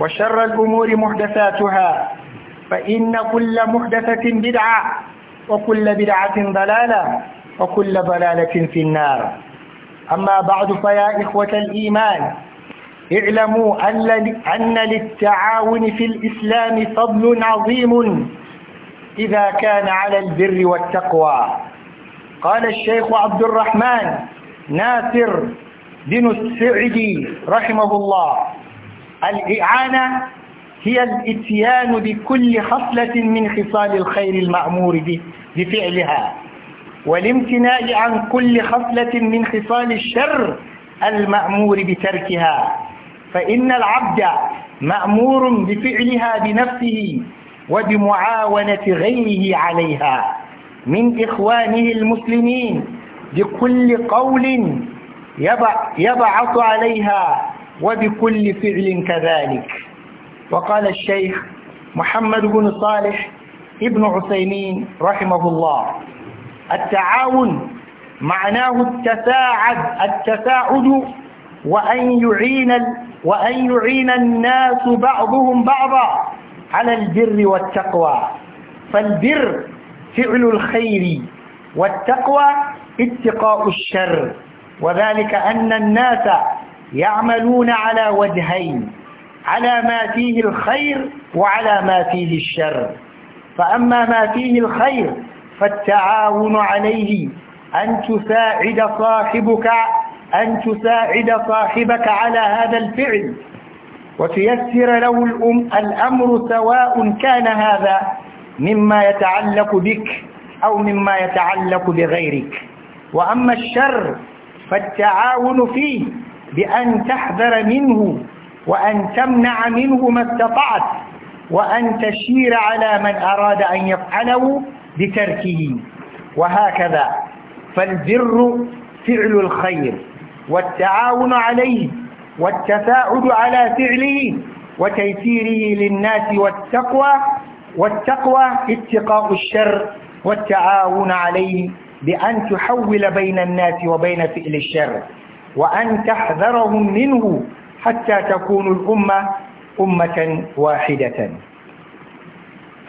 وشر الأمور محدثاتها فإن كل محدثة بدعة وكل بدعة ضلالة وكل ضلالة في النار أما بعد فيا إخوة الإيمان اعلموا أن للتعاون في الإسلام فضل عظيم إذا كان على البر والتقوى قال الشيخ عبد الرحمن ناصر بن السعدي رحمه الله الإعانة هي الإتيان بكل خصلة من خصال الخير المأمور به بفعلها والامتناع عن كل خصلة من خصال الشر المأمور بتركها فإن العبد مأمور بفعلها بنفسه وبمعاونة غيره عليها من إخوانه المسلمين بكل قول يبعث عليها وبكل فعل كذلك وقال الشيخ محمد بن صالح ابن عثيمين رحمه الله التعاون معناه التساعد التساعد وأن يعين وأن يعين الناس بعضهم بعضا على البر والتقوى فالبر فعل الخير والتقوى اتقاء الشر وذلك أن الناس يعملون على وجهين على ما فيه الخير وعلى ما فيه الشر فأما ما فيه الخير فالتعاون عليه أن تساعد صاحبك أن تساعد صاحبك على هذا الفعل وتيسر له الأمر سواء كان هذا مما يتعلق بك أو مما يتعلق بغيرك وأما الشر فالتعاون فيه بأن تحذر منه وأن تمنع منه ما استطعت وأن تشير على من أراد أن يفعله بتركه وهكذا فالبر فعل الخير والتعاون عليه والتساعد على فعله وتيسيره للناس والتقوى والتقوى اتقاء الشر والتعاون عليه بأن تحول بين الناس وبين فعل الشر وأن تحذرهم منه حتى تكون الأمة أمة واحدة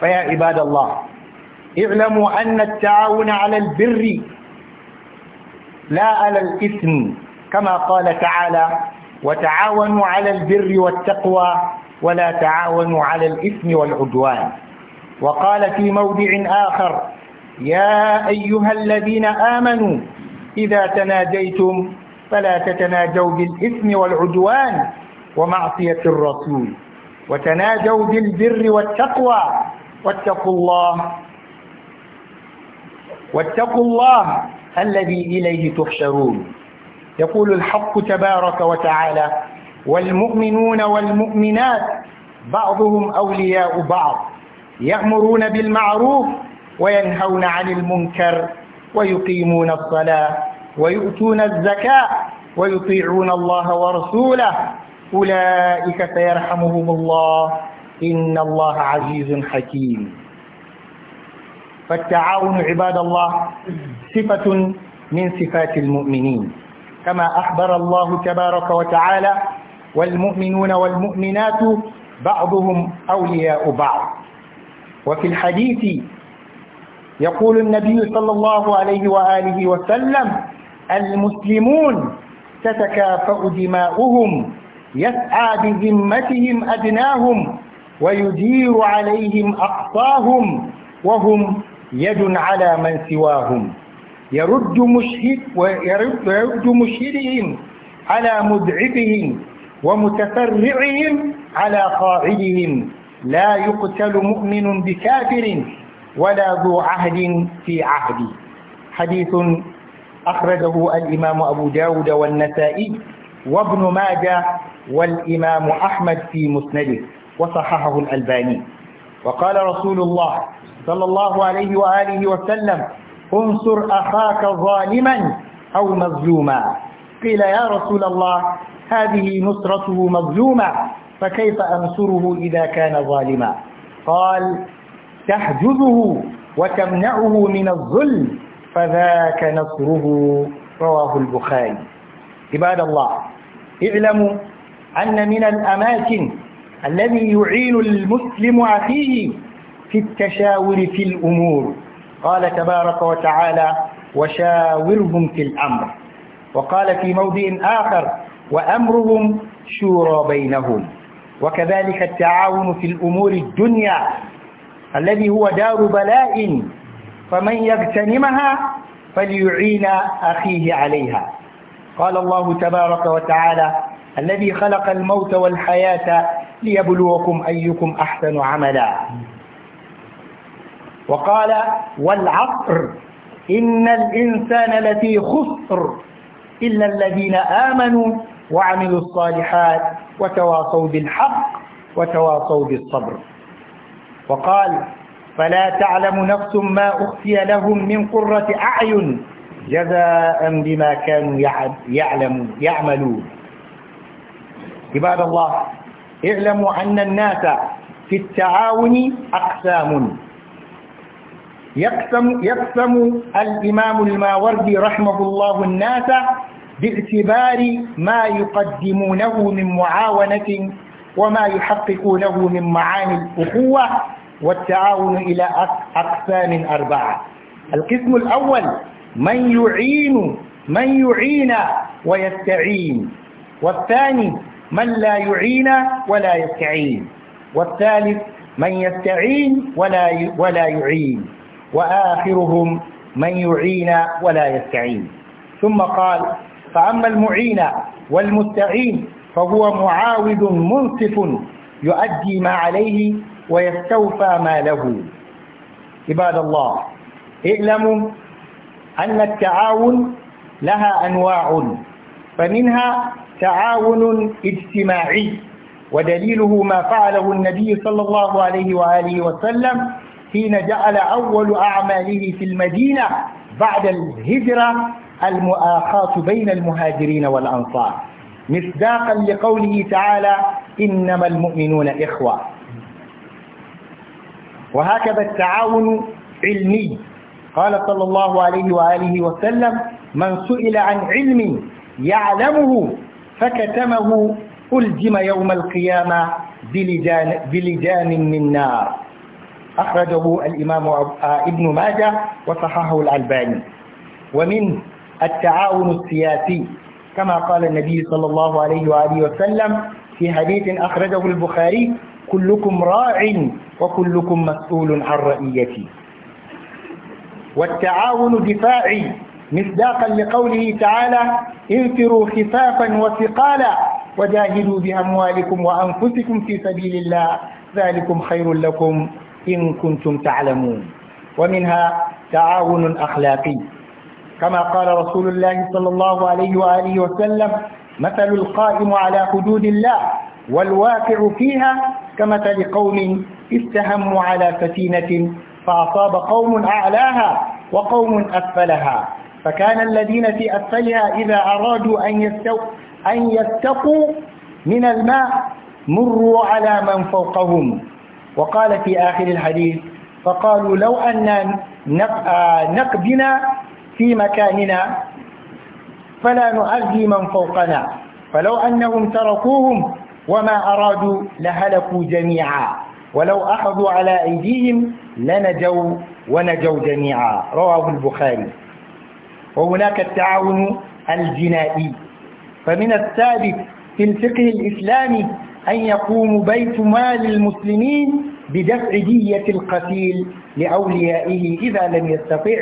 فيا عباد الله اعلموا أن التعاون على البر لا على الإثم كما قال تعالى وتعاونوا على البر والتقوى ولا تعاونوا على الإثم والعدوان وقال في موضع آخر يا أيها الذين آمنوا إذا تناجيتم فلا تتناجوا بالإثم والعدوان ومعصية الرسول وتناجوا بالبر والتقوى واتقوا الله واتقوا الله الذي إليه تحشرون يقول الحق تبارك وتعالى والمؤمنون والمؤمنات بعضهم أولياء بعض يأمرون بالمعروف وينهون عن المنكر ويقيمون الصلاة ويؤتون الزكاة ويطيعون الله ورسوله أولئك سيرحمهم الله إن الله عزيز حكيم فالتعاون عباد الله صفة من صفات المؤمنين كما أخبر الله تبارك وتعالى والمؤمنون والمؤمنات بعضهم أولياء بعض وفي الحديث يقول النبي صلى الله عليه وآله وسلم المسلمون تتكافأ دماؤهم يسعى بذمتهم أدناهم ويدير عليهم أقصاهم وهم يد على من سواهم يرد مشهد ويرد يرد مشهدهم على مدعبهم ومتفرعهم على قاعدهم لا يقتل مؤمن بكافر ولا ذو عهد في عهد حديث أخرجه الإمام أبو داود والنسائي وابن ماجه والإمام أحمد في مسنده وصححه الألباني وقال رسول الله صلى الله عليه وآله وسلم انصر أخاك ظالما أو مظلوما قيل يا رسول الله هذه نصرته مظلومة فكيف أنصره إذا كان ظالما قال تحجزه وتمنعه من الظلم فذاك نصره رواه البخاري عباد الله اعلموا أن من الأماكن الذي يعين المسلم أخيه في التشاور في الأمور قال تبارك وتعالى وشاورهم في الأمر وقال في موضع آخر وأمرهم شورى بينهم وكذلك التعاون في الأمور الدنيا الذي هو دار بلاء فمن يغتنمها فليعين أخيه عليها قال الله تبارك وتعالى الذي خلق الموت والحياة ليبلوكم أيكم أحسن عملا وقال والعصر إن الإنسان لفي خسر إلا الذين آمنوا وعملوا الصالحات وتواصوا بالحق وتواصوا بالصبر وقال فلا تعلم نفس ما أخفي لهم من قرة أعين جزاء بما كانوا يعلمون يعملون عباد الله اعلموا أن الناس في التعاون أقسام يقسم, يقسم الإمام الماوردي رحمه الله الناس باعتبار ما يقدمونه من معاونة وما يحققونه من معاني الأخوة والتعاون إلى أقسام أربعة القسم الأول من يعين من يعين ويستعين والثاني من لا يعين ولا يستعين والثالث من يستعين ولا ولا يعين وآخرهم من يعين ولا يستعين ثم قال فأما المعين والمستعين فهو معاود منصف يؤدي ما عليه ويستوفى ماله عباد الله اعلموا أن التعاون لها أنواع فمنها تعاون اجتماعي ودليله ما فعله النبي صلى الله عليه وآله وسلم حين جعل أول أعماله في المدينة بعد الهجرة المؤاخاة بين المهاجرين والأنصار مصداقا لقوله تعالى إنما المؤمنون إخوة وهكذا التعاون علمي قال صلى الله عليه وآله وسلم من سئل عن علم يعلمه فكتمه ألزم يوم القيامة بلجان, بلجان من نار أخرجه الإمام آه، ابن ماجه وصححه الألباني ومن التعاون السياسي كما قال النبي صلى الله عليه وآله وسلم في حديث أخرجه البخاري كلكم راع وكلكم مسؤول عن رعيته والتعاون دفاعي مصداقا لقوله تعالى انفروا خفافا وثقالا وجاهدوا باموالكم وانفسكم في سبيل الله ذلكم خير لكم ان كنتم تعلمون ومنها تعاون اخلاقي كما قال رسول الله صلى الله عليه واله وسلم مثل القائم على حدود الله والواقع فيها كمثل قوم استهموا على سفينة فأصاب قوم أعلاها وقوم أسفلها فكان الذين في أسفلها إذا أرادوا أن يستو أن يستقوا من الماء مروا على من فوقهم وقال في آخر الحديث فقالوا لو أن نقبنا آه، في مكاننا فلا نعزي من فوقنا فلو أنهم تركوهم وما أرادوا لهلكوا جميعا ولو أخذوا على أيديهم لنجوا ونجوا جميعا رواه البخاري وهناك التعاون الجنائي فمن الثابت في الفقه الإسلامي أن يقوم بيت مال المسلمين بدفع دية القتيل لأوليائه إذا لم يستطع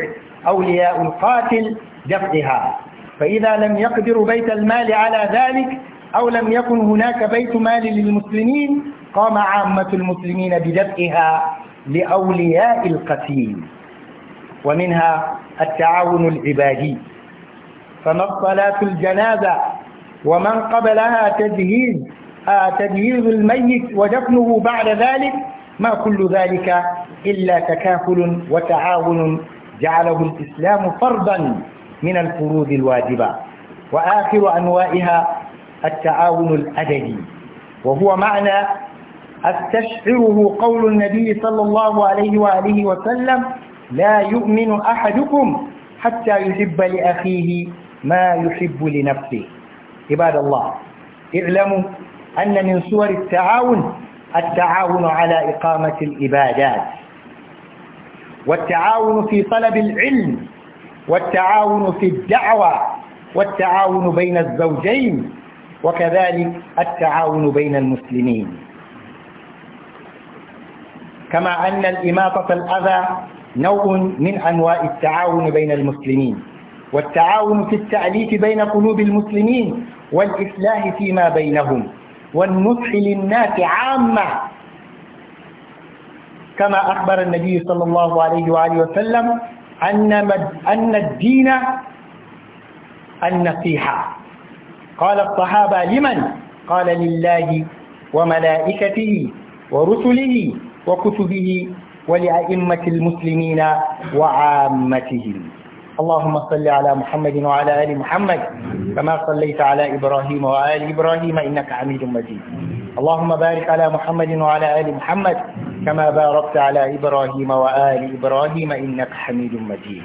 أولياء القاتل دفعها فإذا لم يقدر بيت المال على ذلك أو لم يكن هناك بيت مال للمسلمين قام عامة المسلمين بدفعها لأولياء القتيل ومنها التعاون العبادي فما الصلاة الجنازة ومن قبلها تجهيز آه، تجهيز الميت ودفنه بعد ذلك ما كل ذلك إلا تكافل وتعاون جعله الإسلام فرضا من الفروض الواجبة وآخر أنواعها التعاون الأدبي وهو معنى استشعره قول النبي صلى الله عليه وآله وسلم لا يؤمن أحدكم حتى يحب لأخيه ما يحب لنفسه عباد الله اعلموا أن من صور التعاون التعاون على إقامة الإبادات والتعاون في طلب العلم والتعاون في الدعوة والتعاون بين الزوجين وكذلك التعاون بين المسلمين كما أن الإماطة الأذى نوع من أنواع التعاون بين المسلمين والتعاون في التأليف بين قلوب المسلمين والإصلاح فيما بينهم والنصح للناس عامة كما أخبر النبي صلى الله عليه وآله وسلم أن الدين النصيحة قال الصحابة لمن؟ قال لله وملائكته ورسله وكتبه ولأئمة المسلمين وعامتهم اللهم صل على محمد وعلى آل محمد كما صليت على إبراهيم وآل إبراهيم إنك حميد مجيد اللهم بارك على محمد وعلى آل محمد كما باركت على إبراهيم وآل إبراهيم إنك حميد مجيد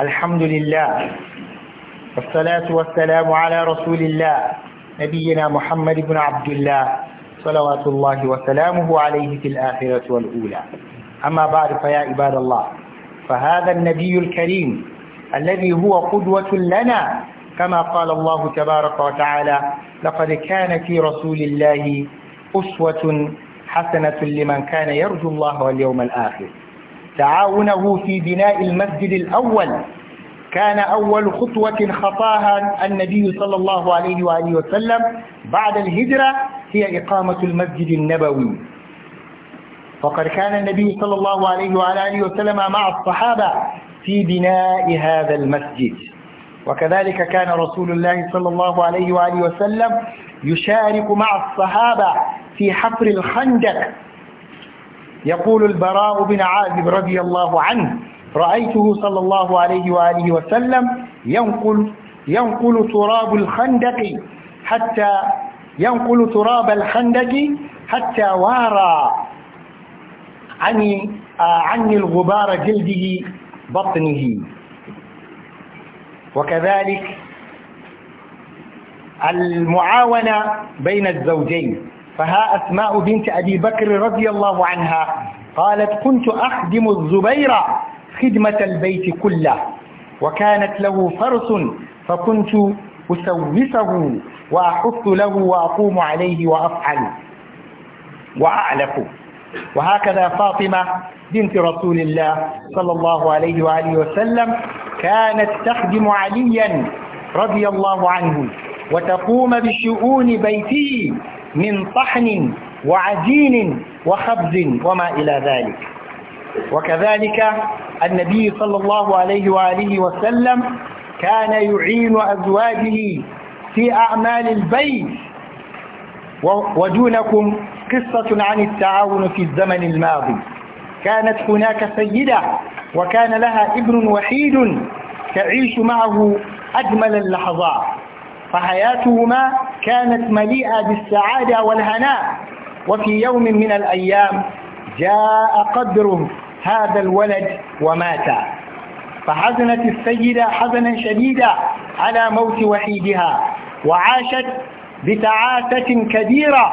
الحمد لله والصلاة والسلام على رسول الله نبينا محمد بن عبد الله صلوات الله وسلامه عليه في الآخرة والأولى أما بعد فيا عباد الله فهذا النبي الكريم الذي هو قدوة لنا كما قال الله تبارك وتعالى لقد كان في رسول الله أسوة حسنة لمن كان يرجو الله واليوم الآخر تعاونه في بناء المسجد الأول كان أول خطوة خطاها النبي صلى الله عليه وآله وسلم بعد الهجرة هي إقامة المسجد النبوي فقد كان النبي صلى الله عليه وآله وسلم مع الصحابة في بناء هذا المسجد وكذلك كان رسول الله صلى الله عليه وآله وسلم يشارك مع الصحابة في حفر الخندق يقول البراء بن عازب رضي الله عنه رأيته صلى الله عليه وآله وسلم ينقل, ينقل تراب الخندق حتى ينقل تراب الخندق حتى وارى عني, آه، عني الغبار جلده بطنه وكذلك المعاونة بين الزوجين فها أسماء بنت أبي بكر رضي الله عنها قالت كنت أخدم الزبير خدمة البيت كله وكانت له فرس فكنت أسوسه وأحث له وأقوم عليه وأفعل وأعلف وهكذا فاطمة بنت رسول الله صلى الله عليه وآله وسلم كانت تخدم عليا رضي الله عنه وتقوم بشؤون بيته من طحن وعجين وخبز وما إلى ذلك وكذلك النبي صلى الله عليه وآله وسلم كان يعين أزواجه في أعمال البيت ودونكم قصة عن التعاون في الزمن الماضي كانت هناك سيدة وكان لها ابن وحيد تعيش معه أجمل اللحظات فحياتهما كانت مليئة بالسعادة والهناء وفي يوم من الأيام جاء قدر هذا الولد ومات فحزنت السيدة حزنا شديدا على موت وحيدها وعاشت بتعاسة كبيرة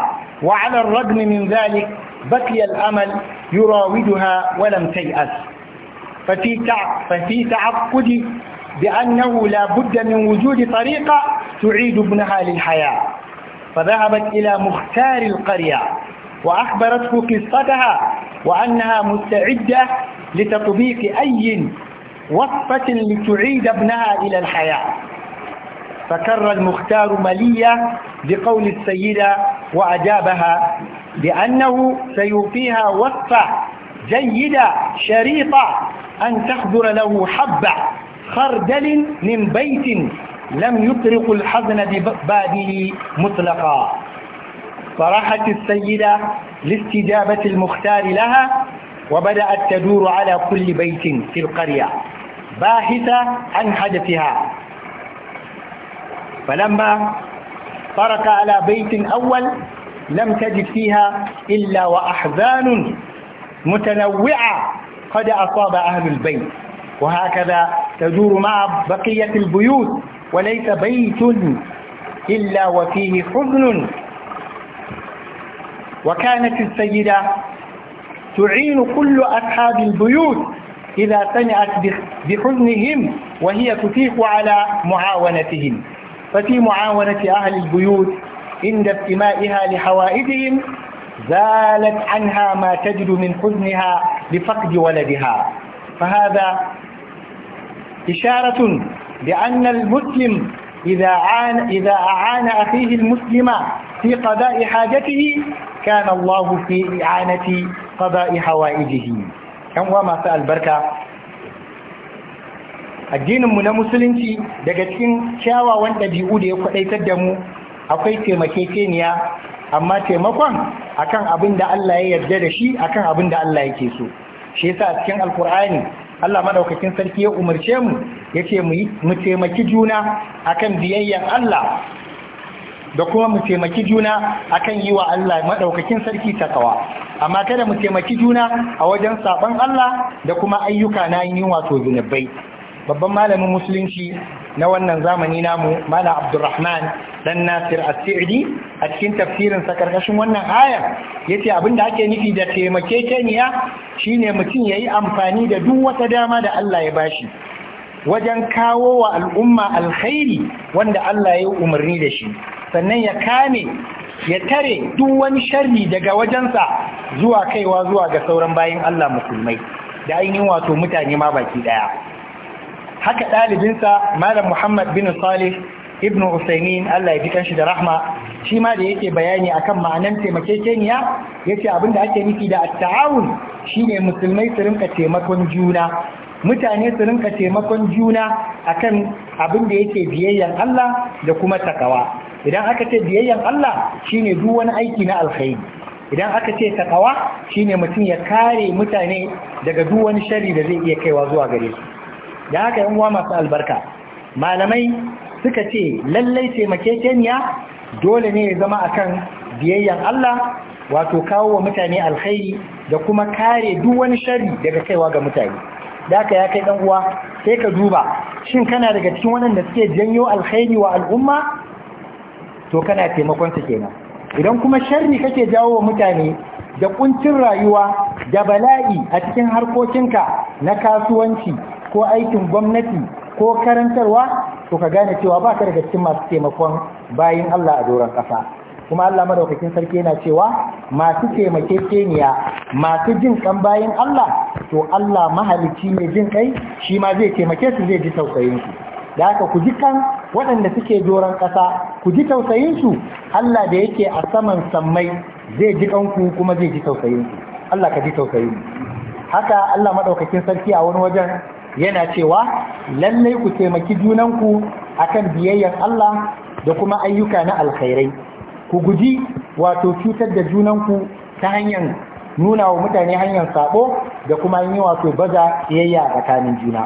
وعلى الرغم من ذلك بقي الأمل يراودها ولم تيأس ففي ففي تعقدي بأنه لا بد من وجود طريقة تعيد ابنها للحياة فذهبت إلى مختار القرية وأخبرته قصتها وأنها مستعدة لتطبيق أي وصفة لتعيد ابنها إلى الحياة فكر المختار مليا بقول السيدة وأجابها بأنه سيوفيها وصفة جيدة شريطة أن تحضر له حبة خردل من بيت لم يطرق الحزن ببابه مطلقا فرحت السيدة لاستجابة المختار لها وبدأت تدور على كل بيت في القرية باحثة عن حدثها فلما طرق على بيت أول لم تجد فيها إلا وأحزان متنوعة قد أصاب أهل البيت وهكذا تدور مع بقية البيوت وليس بيت إلا وفيه حزن وكانت السيدة تعين كل أصحاب البيوت إذا سمعت بحزنهم وهي تتيح على معاونتهم ففي معاونة أهل البيوت عند استمائها لحوائجهم زالت عنها ما تجد من حزنها لفقد ولدها فهذا إشارة بأن المسلم إذا عان إذا أعان أخيه المسلم في قضاء حاجته كان الله في إعانة قضاء حوائجه كم وما سأل بركة addininmu na musulunci daga cikin kyawawan ɗabi'u da ya kwaɗaitar da mu akwai taimakekeniya amma taimakon akan abin da Allah ya yarda da shi akan abin da Allah yake so shi yasa a cikin alkur'ani Allah madaukakin sarki ya umarce mu yace mu mu taimaki juna akan biyayyan Allah da kuma mu taimaki juna akan yi wa Allah madaukakin sarki takawa amma kada mu taimaki juna a wajen saban Allah da kuma ayyuka na yin wato zunubai babban malamin musulunci na wannan zamani namu Malam abdurrahman dan nasir as a cikin tafsirin sa karkashin wannan aya abin da ake nufi da taimakekeniya shine mutum ya yi amfani da duk wata dama da Allah ya bashi wajen kawo wa al'umma alkhairi wanda Allah ya umarni da shi sannan ya kame ya tare duk wani sharri daga wajensa zuwa kaiwa zuwa ga sauran bayin Allah musulmai da ainihin wato mutane ma baki daya haka ɗalibinsa malam muhammad bin salih ibn usaimin allah ya ji shi da rahma shi ma da yake bayani akan ma'anan taimakekeniya yace abin da ake nufi da at-ta'awun shine musulmai su rinka taimakon juna mutane su rinka taimakon juna akan abin da yake biyayyan Allah da kuma takawa idan aka ce biyayyan Allah shine duk wani aiki na alkhairi idan aka ce takawa shine mutum ya kare mutane daga duk wani shari da zai iya kaiwa zuwa gare su da haka yan uwa masu albarka malamai suka ce lallai taimakekeniya dole ne ya zama akan biyayyan Allah wato kawo wa mutane alkhairi da kuma kare duk wani shari daga kaiwa ga mutane da haka ya kai dan uwa sai ka duba shin kana daga cikin waɗanda suke janyo alkhairi wa al'umma to kana taimakon su kenan idan kuma sharri kake jawo wa mutane da kuncin rayuwa da bala'i a cikin harkokinka na kasuwanci ko aikin gwamnati ko karantarwa to ka gane cewa ba ka daga cikin masu taimakon bayin Allah a doron ƙasa kuma Allah madaukakin sarki yana cewa masu taimakekeniya masu jin kan bayin Allah to Allah mahalicci ne jin kai shi ma zai taimake su zai ji tausayin su da haka ku ji kan waɗanda suke doron ƙasa ku ji tausayin su Allah da yake a saman sammai zai ji kanku kuma zai ji tausayin su Allah ka ji tausayin haka Allah madaukakin sarki a wani wajen yana cewa lallai ku taimaki junanku akan biyayyar Allah da kuma ayyuka na alkhairai ku guji wato cutar da junanku ta hanyar nuna wa mutane hanyar sabo da kuma yin wato baza kiyayya a tsakanin juna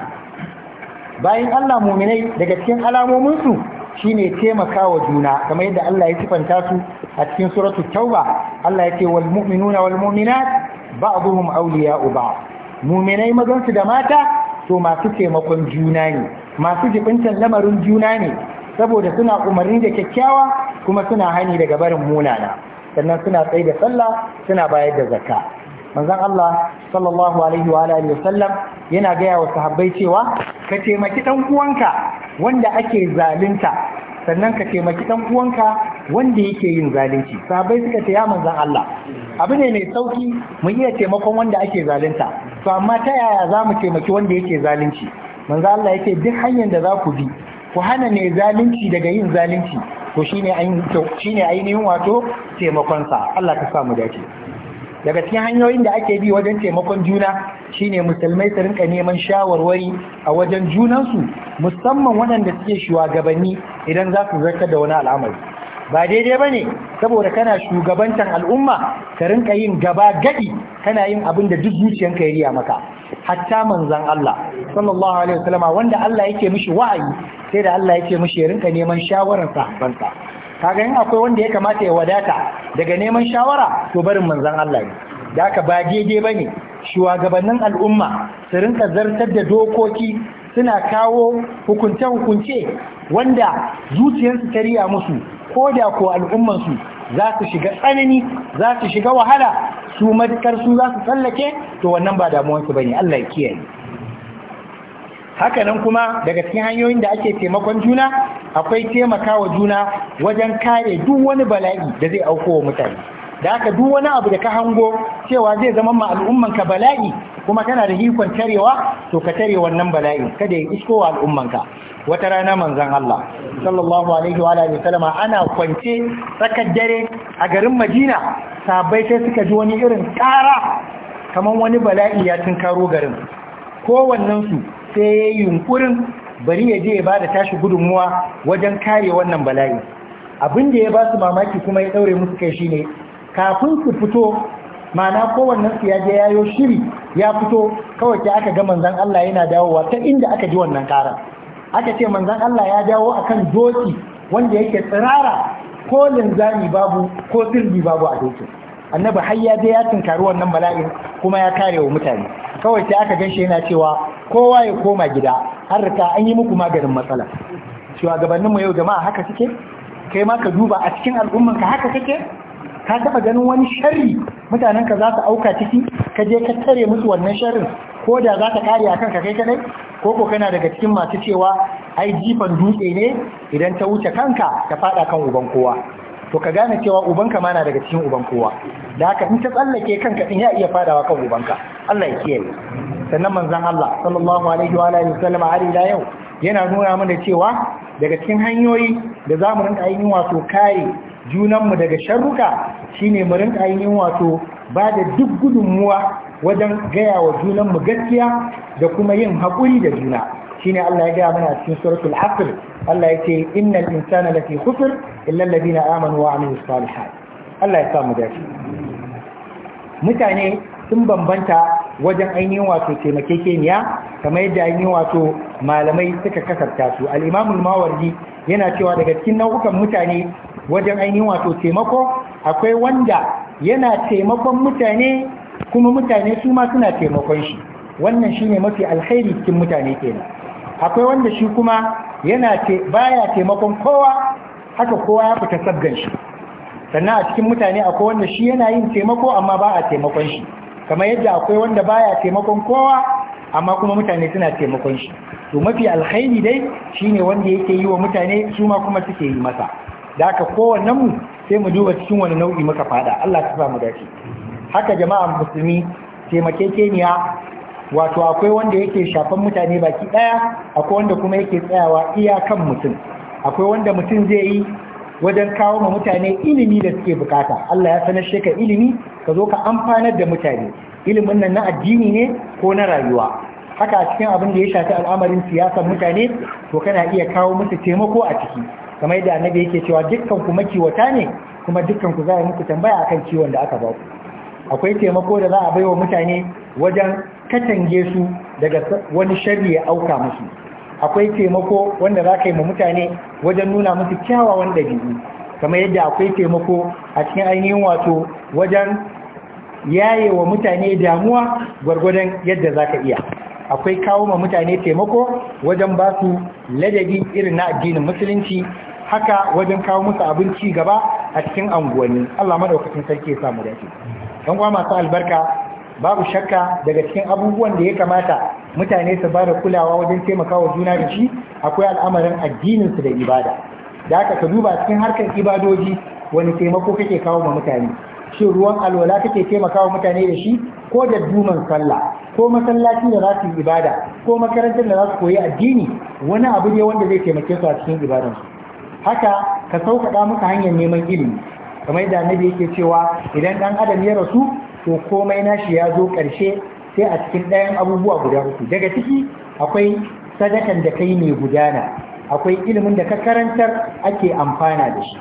bayan Allah muminai daga cikin alamominsu shine taimakawa juna kamar yadda Allah ya sifanta su a cikin suratul tauba Allah ya ce wal mu'minuna wal mu'minat ba'dhum awliya'u ba'd muminai mazan su da mata to masu taimakon juna ne masu jibintan lamarin juna ne saboda suna umarni da kyakkyawa kuma suna hani daga barin munana sannan suna tsaye da sallah suna bayar da zakka manzon Allah sallallahu alaihi wa alihi wasallam yana gaya wa sahabbai cewa ka taimaki dan uwanka wanda ake zalunta sannan ka taimaki dan uwanka wanda yake yin zalunci sahabbai suka ce ya manzon Allah abu ne mai sauki mu iya taimakon wanda ake zalunta to amma ta yaya za mu taimaki wanda yake zalunci manzo Allah yake duk hanyar da za ku bi ku hana ne zalunci daga yin zalunci to shine shine ainihin wato taimakon sa Allah ka sa mu dace daga cikin hanyoyin da ake bi wajen taimakon juna shine musulmai su rinka neman shawarwari a wajen junansu musamman waɗanda suke shugabanni idan za su zartar da wani al'amari ba daidai ba ne saboda kana shugabantar al'umma ka rinka yin gaba gadi kana yin abin da duk zuciyanka ya riya maka hatta manzan Allah sallallahu alaihi wasallama wanda Allah yake mishi wa'ayi sai da Allah yake mishi ya rinka neman shawaran sahabbansa kaga in akwai wanda ya kamata ya wadata daga neman shawara to barin manzan Allah ne da haka ba daidai bane shugabannin al'umma su rinka zartar da dokoki suna kawo hukunce-hukunce wanda zuciyarsu ta riya musu ko da ko al'ummansu za su shiga tsanani za su shiga wahala su madukar su za su tsallake to wannan ba damuwarsu ba ne Allah ya kiyaye hakanan kuma daga cikin hanyoyin da ake taimakon juna akwai taimakawa juna wajen kare duk wani bala'i da zai aukowa mutane da haka duk wani abu da ka hango cewa zai zama ma al'umman ka bala'i kuma kana da hikon tarewa to ka tare wannan bala'i kada ya isko wa ka wata rana manzon Allah sallallahu alaihi wa alihi sallama ana kwance tsakar dare a garin Madina sabai sai suka ji wani irin ƙara kamar wani bala'i ya tunkaro garin kowannen su sai yayi yunkurin bari ya je ya bada tashi gudunmuwa wajen kare wannan bala'i abin da ya ba su mamaki kuma ya daure musu kai shine kafin su fito mana kowannen su ya je yayo shiri ya fito kawai ke aka ga manzan Allah yana dawowa ta inda aka ji wannan karan aka ce manzan Allah ya dawo akan doki wanda yake tsirara ko linzami babu ko sirri babu a doki. annabi har ya je ya tunkari wannan bala'in kuma ya kare wa mutane kawai sai aka ganshi yana cewa kowa ya koma gida har rika an yi muku maganin matsala shugabanninmu yau jama'a haka suke kai ma ka duba a cikin al'umman ka haka suke ka taba ganin wani sharri mutanen ka za su auka ciki ka je ka tare musu wannan sharin, ko da za ta kare a kanka kai kadai ko ko kana daga cikin masu cewa ai jifan dutse ne idan ta wuce kanka ta fada kan uban kowa to ka gane cewa ubanka ma na daga cikin uban kowa da haka in ta tsallake kanka din ya iya fadawa kan ubanka Allah ya kiyaye sannan manzon Allah sallallahu alaihi wa alihi wasallam har ila yau yana nuna mana cewa daga cikin hanyoyi da zamu rinka ainihin wato kare junanmu daga sharruka shine mu rinka yin wato ba da duk gudunmuwa wajen gaya wa junanmu gaskiya da kuma yin haƙuri da juna Shi ne Allah ya gaya mana a cikin suratul asr Allah ya ce innal insana lafi khusr illa alladhina amanu wa amilus salihat Allah ya samu dace mutane sun bambanta wajen ainihin wato taimakekeniya kamar yadda ainihin wato malamai suka kasarta su al'imamul mawardi yana cewa daga cikin nau'ukan mutane wajen ainihin wato taimako akwai wanda yana taimakon mutane kuma mutane su ma suna taimakon shi wannan shine mafi alkhairi cikin mutane kenan akwai wanda shi kuma yana baya taimakon kowa haka kowa ya fita sabgan shi sannan a cikin mutane akwai wanda shi yana yin taimako amma ba a taimakon shi kamar yadda akwai wanda baya taimakon kowa amma kuma mutane suna taimakon shi to mafi alkhairi dai shine wanda yake yi wa mutane su ma kuma suke yi masa da haka kowannen mu sai mu duba cikin wani nau'i muka fada Allah ta mu dace haka jama'a musulmi taimake keniya, wato akwai wanda yake shafan mutane baki daya akwai wanda kuma yake tsayawa iya kan mutum akwai wanda mutum zai yi wajen kawo ma mutane ilimi da suke bukata Allah ya sanar shi ka ilimi ka zo ka amfanar da mutane ilimin nan na addini ne ko na rayuwa haka a cikin abin da ya shafi al'amarin siyasar mutane to kana iya kawo musu taimako a ciki kamar yadda annabi yake cewa dukkan ku makiwata ne kuma dukkan ku za a muku tambaya akan ciwon da aka ba ku akwai taimako da za a wa mutane wajen katange su daga wani sharri ya auka musu akwai taimako wanda za ka yi ma mutane wajen nuna musu kyawawan ɗabi'u kamar yadda akwai taimako a cikin ainihin wato wajen yaye wa mutane damuwa gwargwadon yadda za ka iya akwai kawo ma mutane taimako wajen ba su ladabi irin na addinin musulunci haka wajen kawo musu abin ci gaba a cikin unguwanni. Allah madaukakin sarki ya samu dace dan uwa masu albarka babu shakka daga cikin abubuwan da ya kamata mutane su bada kulawa wajen taimakawa juna da shi akwai al'amarin addinin su da ibada da haka ka duba cikin harkar ibadoji wani taimako kake kawo ma mutane shin ruwan alwala kake taimakawa mutane da shi ko da duman sallah ko masallaci da za su yi ibada ko makarantar da za su koyi addini wani abu ne wanda zai taimake su a cikin ibadansu haka ka sauƙaƙa musu hanyar neman ilimi kamar da annabi yake cewa idan ɗan adam ya rasu to komai nashi ya zo ƙarshe sai a cikin ɗayan abubuwa guda uku daga ciki akwai sadakan da kai mai gudana akwai ilimin da ka karantar ake amfana da shi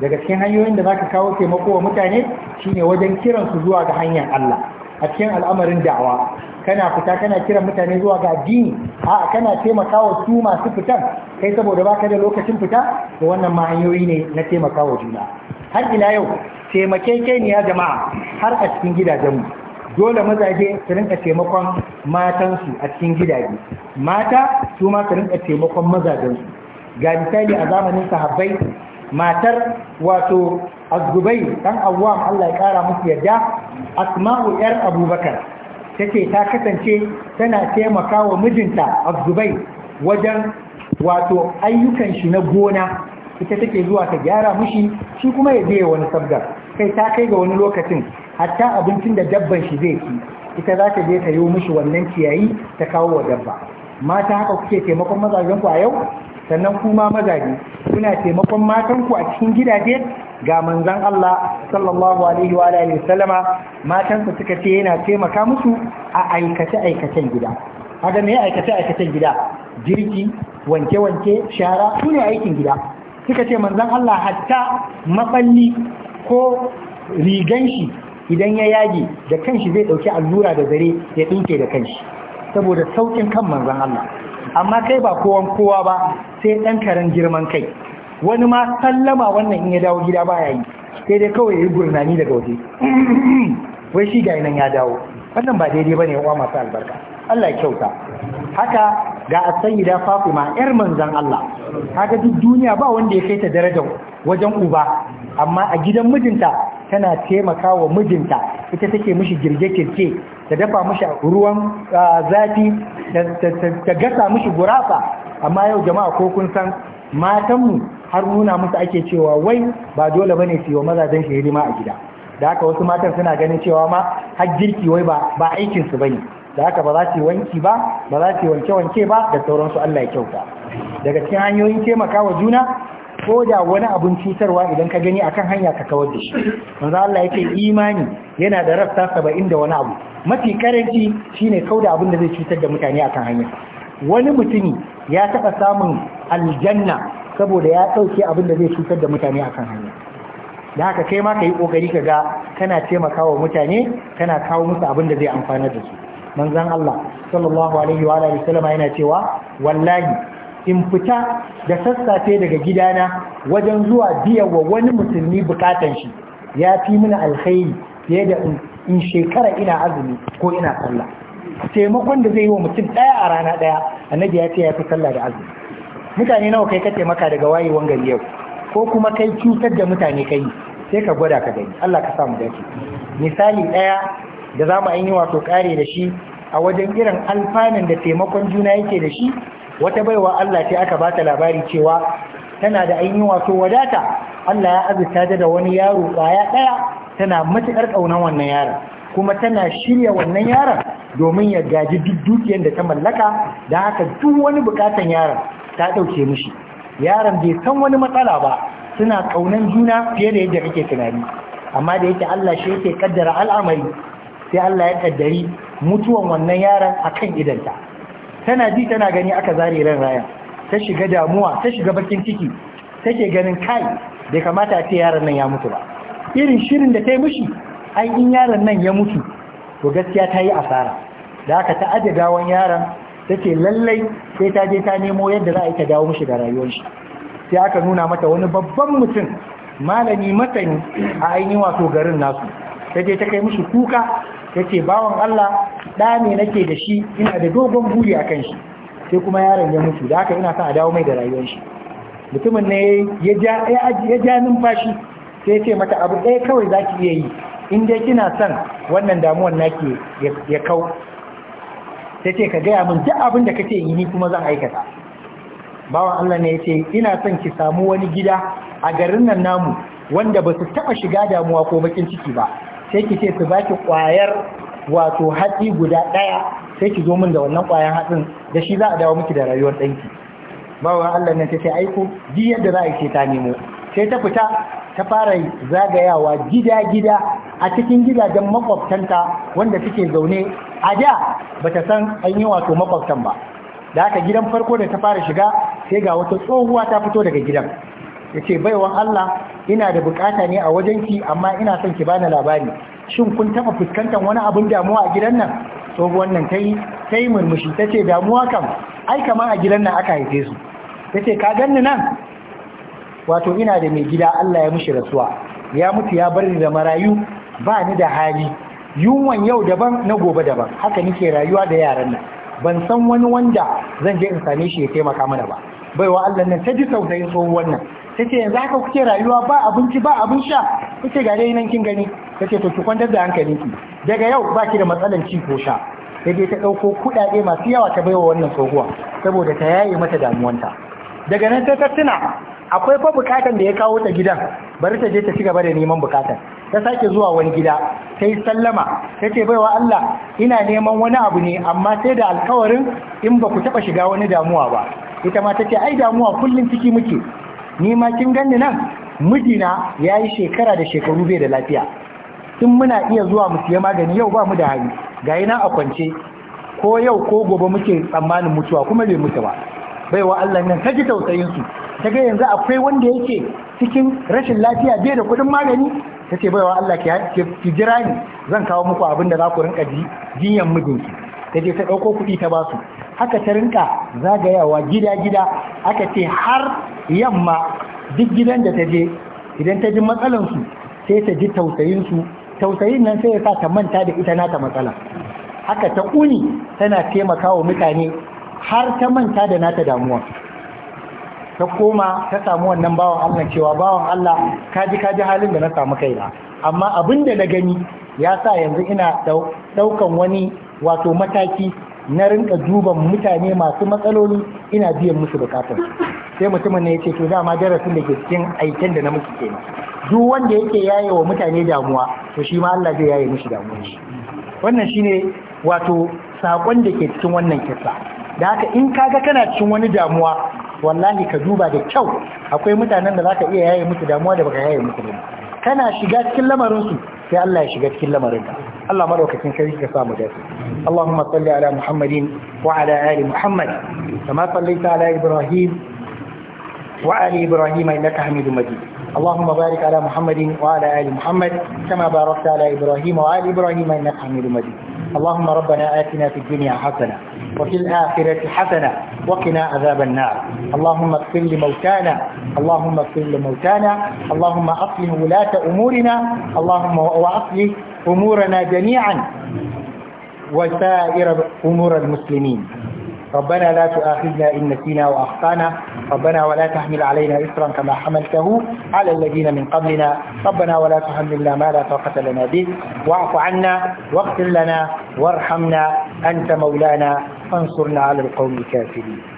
daga cikin hanyoyin da zaka kawo taimako wa mutane shine wajen kiran su zuwa ga hanyar Allah a cikin al'amarin da'awa kana fita kana kiran mutane zuwa ga addini a kana taimakawa su masu fitan kai saboda baka da lokacin fita to wannan ma hanyoyi ne na taimakawa juna har ila yau taimakekeniya jama'a har a cikin gidajenmu dole mazaje su rinka taimakon matansu a cikin gidaje mata su ma su rinka taimakon mazajensu ga misali a zamanin sahabbai matar wato azubai dan awwam Allah ya kara musu yadda asma'u yar abubakar take ta kasance tana taimaka wa mijinta azubai wajen wato ayyukan shi na gona ita take zuwa ta gyara mushi shi kuma ya je wani sabgar kai ta kai ga wani lokacin hatta abincin da dabban shi zai ci ita za ta je ta yi mishi wannan ciyayi ta kawo wa dabba mata haka kuke taimakon mazajen ku a yau sannan kuma mazaje kuna taimakon matan ku a cikin gidaje ga manzon Allah sallallahu alaihi wa alihi wasallama matan su suka ce yana taimaka musu a aikace aikacen gida haka ne aikace aikacen gida girki wanke wanke shara sune aikin gida suka ce manzon Allah hatta maballi ko rigan shi idan ya yage da kanshi zai ɗauki allura da zare ya ɗinke da kanshi saboda saukin kan manzon Allah amma kai ba kowan kowa ba sai ɗan karan girman kai wani ma sallama wannan in ya dawo gida baya yi sai dai kawai ya yi gurnani daga waje wai shi ga nan ya dawo wannan ba daidai bane wa masu albarka Allah ya kyauta haka ga sayyida Fatima yar manzon Allah kaga duk duniya ba wanda ya kai ta darajar wajen uba amma a gidan mijinta tana taimaka wa mijinta ita take mishi girge-girge ta dafa mishi ruwan zafi ta gasa mishi gurasa amma yau jama'a ko kun san matanmu har nuna musu ake cewa wai ba dole bane su yi wa mazajen shi hidima a gida da haka wasu matan suna ganin cewa ma har girki wai ba aikinsu bane da haka ba za su wanki ba ba za su wanke-wanke ba da sauransu Allah ya kyauta daga cikin hanyoyin taimaka wa juna ko da wani abun cutarwa idan ka gani akan hanya ka kawar da shi manzo Allah yake imani yana da rafta saba'in da wani abu mafi karanci shine da abin da zai cutar da mutane akan hanya wani mutumi ya taɓa samun aljanna saboda ya ɗauke abin da zai cutar da mutane akan hanya da haka kai ma ka yi ƙoƙari ka ga kana taimakawa mutane kana kawo musu abin da zai amfana da su manzon Allah sallallahu alaihi wa alihi yana cewa wallahi in fita da sassafe daga gidana wajen zuwa biyan wa wani musulmi bukatan shi ya fi mini alkhairi fiye da in shekara ina azumi ko ina sallah taimakon da zai yi wa mutum ɗaya a rana ɗaya annabi ya ce ya fi sallah da azumi mutane nawa kai ka taimaka daga wayewan gari yau ko kuma kai cutar da mutane kai sai ka gwada ka gani Allah ka samu dace misali ɗaya da zamu mu yi wato kare da shi a wajen irin alfanun da taimakon juna yake da shi wata baiwa Allah ce aka bata labari cewa tana da ainihin wato wadata Allah ya azurta ta da wani yaro kwaya ɗaya tana matuƙar ƙaunar wannan yaron kuma tana shirya wannan yaron domin ya gaji duk dukiyar da ta mallaka da haka duk wani buƙatan yaron ta ɗauke mishi yaron bai san wani matsala ba suna ƙaunar juna fiye da yadda kake tunani amma da yake Allah shi yake kaddara al'amari sai Allah ya kaddari mutuwan wannan yaron akan idanta tana ji tana gani aka zare ran raya ta shiga damuwa ta shiga bakin ciki take ganin kai bai kamata a ce yaron nan ya mutu ba irin shirin da ta yi mushi ai in yaron nan ya mutu to gaskiya ta yi asara da aka ta aje gawan yaron take lallai sai ta je ta nemo yadda za a yi ta dawo mushi ga rayuwar shi sai aka nuna mata wani babban mutum malami masani a ainihin wato garin nasu ta je ta kai mushi kuka ta ce bawan Allah ɗa nake da shi ina da dogon buri a kan shi sai kuma yaron ya mutu da haka ina son a dawo mai da rayuwar shi mutumin ne ya ja numfashi sai ce mata abu ɗaya kawai za ki iya yi in dai kina son wannan damuwan nake ya kau sai ce ka gaya min duk abin da kake yi ni kuma zan aikata bawan Allah ne ya ce ina son ki samu wani gida a garin nan namu wanda ba su taɓa shiga damuwa ko bakin ciki ba sai ki ce su baki kwayar.' wato hatsi guda ɗaya sai ki zo min da wannan ƙwayan hatsin da shi za a dawo miki da rayuwar ɗanki bawan Allah nan ta ce aiko ji yadda za a yi ce ta nemo sai ta fita ta fara zagayawa gida-gida a cikin gidajen makwabtanta wanda suke zaune a da ba ta san an yi wato makwabtan ba da aka gidan farko da ta fara shiga sai ga wata tsohuwa ta fito daga gidan ya ce baiwan Allah ina da bukata ne a wajenki amma ina son ki bani labari shin kun taɓa fuskantar wani abin damuwa a gidan nan tsohuwan nan ta yi murmushi ta ce damuwa kam ai kamar a gidan nan aka haife su ta ce ka ganni nan wato ina da mai gida Allah ya mushi rasuwa ya mutu ya bar ni da marayu ba ni da hali yunwan yau daban na gobe daban haka nike rayuwa da yaran nan ban san wani wanda zan je in same shi ya taimaka mana ba baiwa Allah nan ta ji sautayin tsohuwan nan ta ce yanzu haka kuke rayuwa ba abinci ba abin sha kuke ga dai nan kin gani kace to ki kwantar da hankalinki daga yau baki da matsalan ci ko sha sai dai ta ɗauko kuɗaɗe masu yawa ta baiwa wannan tsohuwa saboda ta yaye mata damuwanta daga nan sai ta tuna akwai fa bukatan da ya kawo ta gidan bari ta je ta cigaba da neman bukatan ta sake zuwa wani gida ta yi sallama ta ce baiwa Allah ina neman wani abu ne amma sai da alkawarin in ba ku taɓa shiga wani damuwa ba ita ma ta ce ai damuwa kullum ciki muke ni ma kin ganni nan mijina ya yi shekara da shekaru bai da lafiya in muna iya zuwa mu siya magani yau ba mu da hali gayi na a kwance ko yau ko gobe muke tsammanin mutuwa kuma bai mutu ba baiwa Allah nan ta tausayin su ta ga yanzu akwai wanda yake cikin rashin lafiya bai da kuɗin magani ta ce baiwa Allah ki jira ni zan kawo muku abin da za ku rinka jinyan mijinki ta je ta ɗauko kuɗi ta ba su. haka ta rinka zagayawa gida-gida aka ce har yamma duk gidan da ta je idan ta ji matsalansu sai ta ji tausayin su. tausayin nan sai ya sa ta manta da ita nata matsala haka ta kuni tana taimakawa mutane har ta manta da nata damuwa ta koma ta samu wannan bawan Allah cewa bawan Allah kaji kaji halin da na samu kai kaina amma abin da na gani ya sa yanzu ina ɗaukan wani wato mataki na rinka duba mutane masu matsaloli ina biyan musu bukatar sai mutumin ne yace to dama darasin da ke cikin aikin da na muke kenan duk wanda yake yaye wa mutane damuwa to shi ma Allah zai yaye mishi damuwa wannan shine wato sakon da ke cikin wannan kissa da haka in kaga kana cikin wani damuwa wallahi ka duba da kyau akwai mutanen da zaka iya yaye musu damuwa da baka yaye musu ba kana shiga cikin lamarin su sai Allah ya shiga cikin lamarin ka الله madaukakin sarki ka samu dace Allahumma salli ala Muhammadin wa ala ali Muhammad kama sallaita ala Ibrahim wa ali Ibrahim innaka اللهم بارك على محمد وعلى آل محمد كما باركت على إبراهيم وآل إبراهيم إنك حميد مجيد اللهم ربنا آتنا في الدنيا حسنة وفي الآخرة حسنة وقنا عذاب النار اللهم اغفر لموتانا اللهم اغفر لموتانا اللهم أصلح ولاة أمورنا اللهم وأصلح أمورنا جميعا وسائر أمور المسلمين ربنا لا تؤاخذنا إن نسينا وأخطانا ربنا ولا تحمل علينا إسرا كما حملته على الذين من قبلنا ربنا ولا تحملنا ما لا طاقة لنا به واعف عنا واغفر لنا وارحمنا أنت مولانا فانصرنا على القوم الكافرين